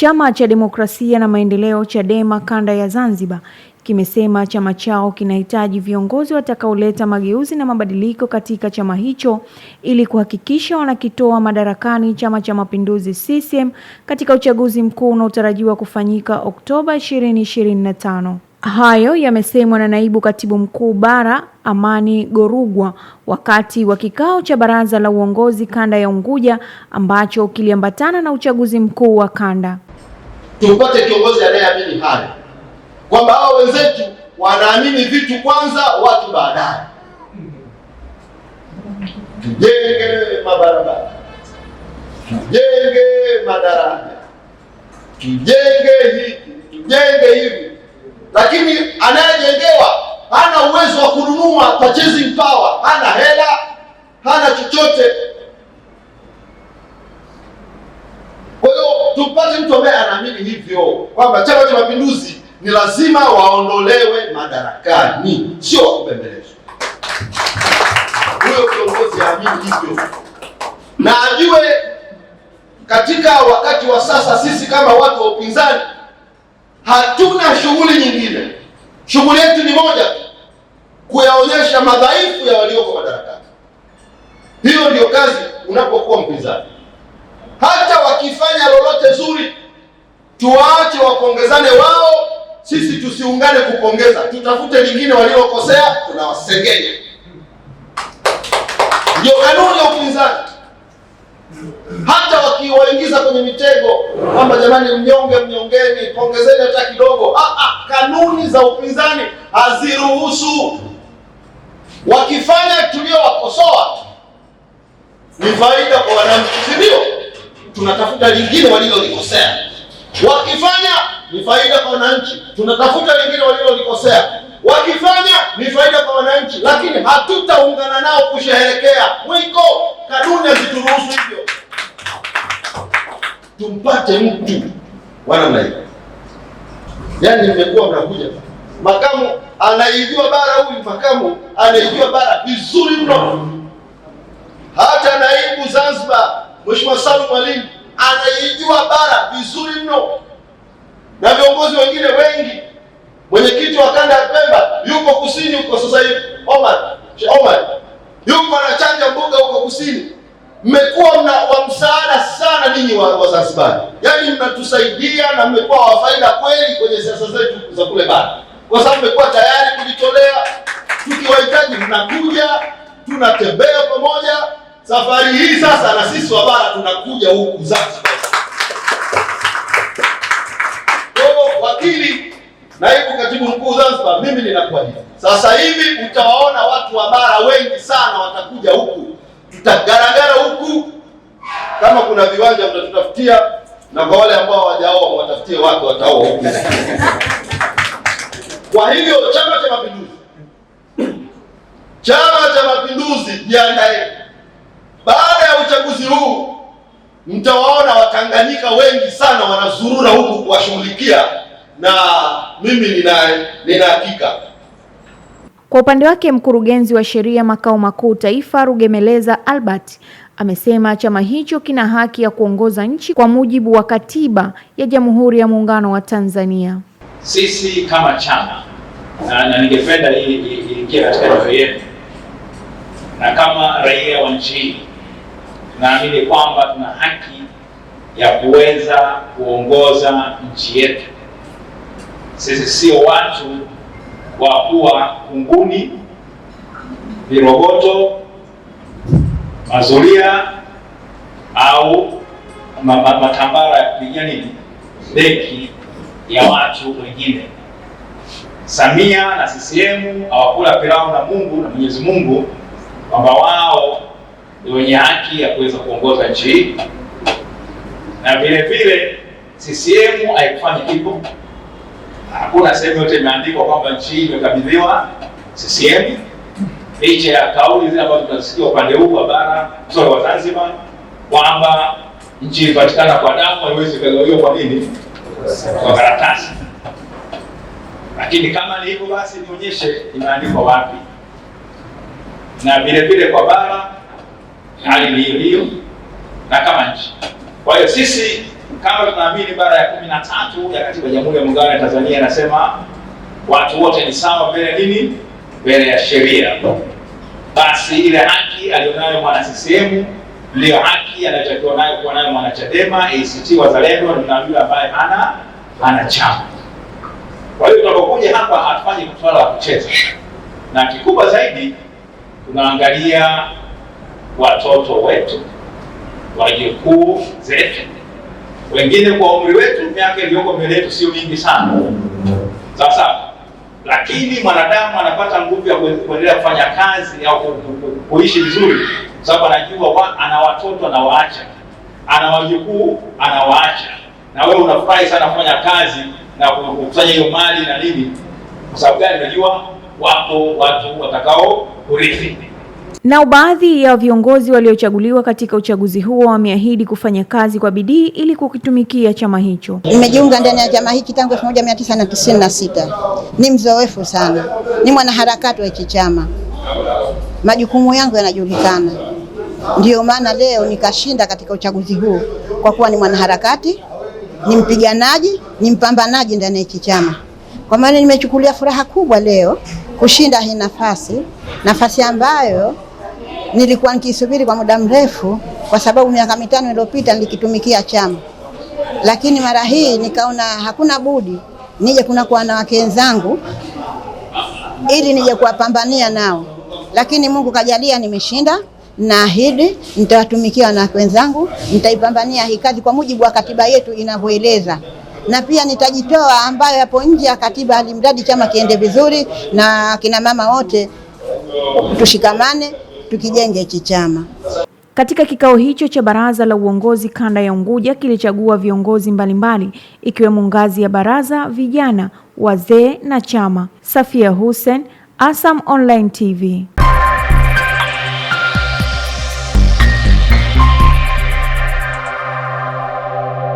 Chama cha Demokrasia na Maendeleo Chadema kanda ya Zanzibar kimesema chama chao kinahitaji viongozi watakaoleta mageuzi na mabadiliko katika chama hicho ili kuhakikisha wanakitoa madarakani Chama cha Mapinduzi CCM katika uchaguzi mkuu unaotarajiwa kufanyika Oktoba 2025. Hayo yamesemwa na naibu katibu mkuu bara Amani Gorugwa wakati wa kikao cha baraza la uongozi kanda ya Unguja ambacho kiliambatana na uchaguzi mkuu wa kanda. Tupate kiongozi anayeamini hayo, kwamba hao wenzetu wanaamini vitu kwanza, watu baadaye. Tujenge mabarabara, tujenge madaraja, tujenge hiki, tujenge hivi, lakini anayejengewa hana uwezo wa kununua, purchasing power, hana hela, hana chochote. tupate mtu ambaye anaamini hivyo kwamba Chama cha Mapinduzi ni lazima waondolewe madarakani, sio kubembelezwa. Huyo kiongozi aamini hivyo na ajue katika wakati wa sasa, sisi kama watu wa upinzani hatuna shughuli nyingine. Shughuli yetu ni moja kuyaonyesha madhaifu ya walioko madarakani. Hiyo ndiyo kazi unapokuwa mpinzani hata wakifanya lolote zuri, tuwaache wapongezane wao, sisi tusiungane kupongeza, tutafute lingine. Waliokosea tunawasengenya. Ndio kanuni ya upinzani, hata wakiwaingiza kwenye mitego kwamba jamani, mnyonge mnyongeni, pongezeni hata kidogo. Ah, ah, kanuni za upinzani haziruhusu wakifanya tuliowakosoa ni faida kwa wananchi, sindio tunatafuta lingine walilolikosea. Wakifanya ni faida kwa wananchi, tunatafuta lingine walilolikosea. Wakifanya ni faida kwa wananchi, lakini hatutaungana nao kusherehekea mwiko. Kanuni hazituruhusu hivyo. Tumpate mtu wa namna hiyo. Yaani mmekuwa mnakuja makamu anaijua bara, huyu makamu anaijua bara vizuri mno, hata naibu Zanzibar Mheshimiwa Salum Mwalimu anaijua bara vizuri mno, na viongozi wengine wengi. Mwenyekiti wa kanda ya Pemba yuko kusini huko sasa hivi, Omar Omar yuko anachanja mbuga huko kusini. Mmekuwa mna wa msaada sana ninyi wa, Zanzibar, yaani mnatusaidia na mmekuwa wa faida kweli kwenye siasa zetu za kule bara, kwa sababu mmekuwa tayari kujitolea. Tukiwahitaji mnakuja, tunatembea pamoja Safari hii sasa na sisi wa bara tunakuja huku Zanzibar. Kwa wakili naibu katibu mkuu Zanzibar, mimi ninakuahidi sasa hivi utawaona watu wa bara wengi sana watakuja huku, tutagaragara huku. Kama kuna viwanja mtatutafutia, na kwa wale ambao hawajaoa watafutie watu wataoa huku. Kwa hivyo Chama cha Mapinduzi, Chama cha Mapinduzi, jiandaeni baada ya uchaguzi huu mtawaona Watanganyika wengi sana wanazurura huku kuwashughulikia, na mimi nina nina hakika. Kwa upande wake mkurugenzi wa sheria makao makuu taifa Rugemeleza Albert amesema chama hicho kina haki ya kuongoza nchi kwa mujibu wa katiba ya Jamhuri ya Muungano wa Tanzania. Sisi kama chama na, na ningependa iingie katika roho yetu na kama raia wa nchi hii naamini kwamba tuna haki ya kuweza kuongoza nchi yetu. Sisi sio watu wa kuwa kunguni, viroboto, mazulia au matambara ya kupigia nini beki ya watu wengine. Samia na CCM hawakula pilau na Mungu na Mwenyezi Mungu kwamba wao wenye haki ya kuweza kuongoza nchi hii, na vile vile CCM haikufanya hivyo. Hakuna sehemu yote imeandikwa kwamba nchi hii imekabidhiwa CCM, licha ya kauli zile ambazo tunasikia upande huu wa bara sio wa Zanzibar kwamba nchi ilipatikana kwa damu, haiwezi kugawiwa kwa nini, kwa karatasi. Lakini kama ni hivyo basi, nionyeshe imeandikwa wapi, na vile vile kwa bara hali ni hiyo hiyo na kama nchi. Kwa hiyo sisi kama tunaamini ibara ya kumi na tatu ya katiba ya Jamhuri ya Muungano ya Tanzania inasema watu wote ni sawa mbele nini, mbele ya sheria. Basi ile haki aliyonayo mwana CCM ndiyo haki anayotakiwa nayo kuwa nayo mwana Chadema, ACT Wazalendo na yule ambaye hana hana chama. Kwa hiyo tunapokuja hapa hatufanyi mtwala wa kucheza, na kikubwa zaidi tunaangalia watoto wetu, wajukuu zetu, wengine kwa umri wetu, miaka iliyoko mbele yetu sio mingi sana sasa, lakini mwanadamu anapata nguvu ya kuendelea kufanya kazi au kuishi vizuri, kwa sababu anajua wa, ana watoto anawaacha, ana wajukuu anawaacha, na wewe unafurahi sana kufanya kazi na kukusanya hiyo mali na nini. Kwa sababu gani? Unajua wapo watu watakao kurithi. Nao baadhi ya viongozi waliochaguliwa katika uchaguzi huo wameahidi kufanya kazi kwa bidii ili kukitumikia chama hicho. Nimejiunga ndani ya chama hiki tangu 1996. Ni mzoefu sana, ni mwanaharakati wa hiki chama, majukumu yangu yanajulikana, ndiyo maana leo nikashinda katika uchaguzi huu kwa kuwa ni mwanaharakati, ni mpiganaji, ni mpambanaji ndani ya hiki chama. Kwa maana nimechukulia furaha kubwa leo kushinda hii nafasi, nafasi ambayo nilikuwa nikisubiri kwa muda mrefu, kwa sababu miaka mitano iliyopita nilikitumikia chama, lakini mara hii nikaona hakuna budi nije kunakuwa wanawake wenzangu ili nije kuwapambania nao, lakini Mungu kajalia, nimeshinda. Naahidi nitawatumikia wanawake wenzangu, nitaipambania hii kazi kwa mujibu wa katiba yetu inavyoeleza na pia nitajitoa ambayo yapo nje ya katiba, alimradi chama kiende vizuri, na kina mama wote tushikamane, tukijenge hichi chama. Katika kikao hicho cha baraza la uongozi kanda ya Unguja kilichagua viongozi mbalimbali ikiwemo ngazi ya baraza, vijana, wazee na chama. Safia Hussein, Asam Online TV.